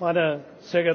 meine sehr geehrten damen und herren!